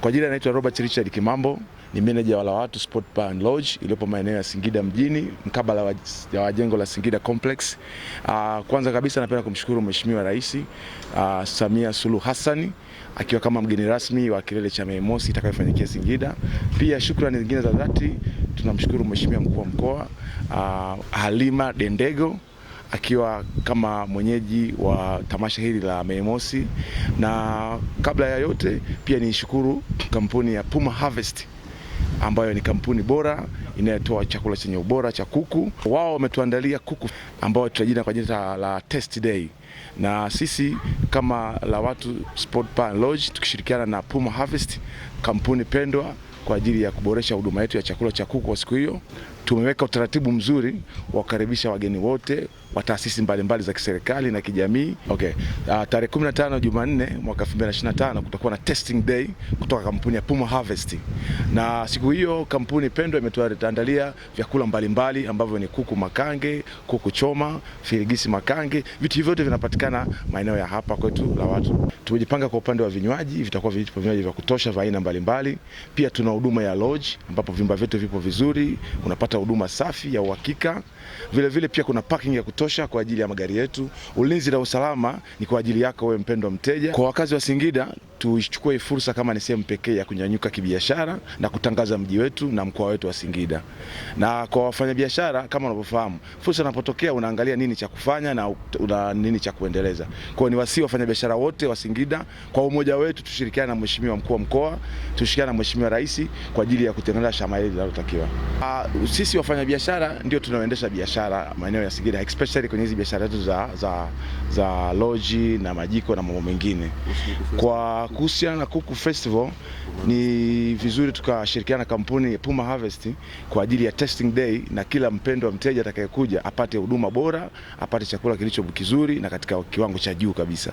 Kwa jina naitwa Robert Richard Kimambo, ni meneja wa Lawatu Sport Bar and Lodge iliyopo maeneo ya Singida mjini mkabala wa, wa jengo la Singida Complex. Uh, kwanza kabisa napenda kumshukuru Mheshimiwa Rais uh, Samia Suluhu Hassan akiwa kama mgeni rasmi wa kilele cha Mei Mosi itakayofanyikia Singida. Pia shukrani zingine za dhati tunamshukuru Mheshimiwa mkuu wa mkoa uh, Halima Dendego akiwa kama mwenyeji wa tamasha hili la Mei Mosi, na kabla ya yote pia nishukuru kampuni ya Puma Harvest ambayo ni kampuni bora inayotoa chakula chenye ubora cha kuku. Wao wametuandalia kuku ambao tutajina kwa jina la Test Day, na sisi kama la watu Sport Pan Lodge tukishirikiana na Puma Harvest, kampuni pendwa kwa ajili ya kuboresha huduma yetu ya chakula cha kuku kwa siku hiyo, tumeweka utaratibu mzuri wa kukaribisha wageni wote wa taasisi mbalimbali za kiserikali na kijamii. Okay. Uh, tarehe 15 Jumanne mwaka 2025 kutakuwa na testing day kutoka kampuni ya Puma Harvest, na siku hiyo kampuni pendwa imetuandalia vyakula mbalimbali ambavyo ni kuku makange, kuku choma, firigisi makange. Vitu hivyo vyote vinapatikana maeneo ya hapa kwetu la watu. Tumejipanga kwa upande wa vinywaji, vitakuwa vinywaji vya kutosha vya aina mbalimbali. Pia tuna huduma ya lodge ambapo vyumba vyetu vipo vizuri, unapata huduma safi ya uhakika. Vile vile pia kuna parking ya kutosha kutosha kwa ajili ya magari yetu. Ulinzi na usalama ni kwa ajili yako wewe mpendwa mteja. Kwa wakazi wa Singida tuichukue fursa kama ni sehemu pekee ya kunyanyuka kibiashara na kutangaza mji wetu na mkoa wetu wa Singida. Na kwa wafanyabiashara kama unavyofahamu, fursa inapotokea unaangalia nini cha kufanya na una nini cha kuendeleza. Kwa hiyo ni wasi wafanyabiashara wote wa Singida kwa umoja wetu tushirikiane na mheshimiwa mkuu wa mkoa, tushirikiane na mheshimiwa rais kwa ajili ya kutengeneza shamba hili linalotakiwa. Ah, sisi wafanyabiashara ndio tunaoendesha biashara maeneo ya Singida especially kwenye hizi biashara zetu za, za, za loji na majiko na mambo mengine kwa kuhusiana na kuku festival, ni vizuri tukashirikiana na kampuni ya Puma Harvest kwa ajili ya testing day, na kila mpendo wa mteja atakayekuja apate huduma bora, apate chakula kilicho kizuri na katika kiwango cha juu kabisa.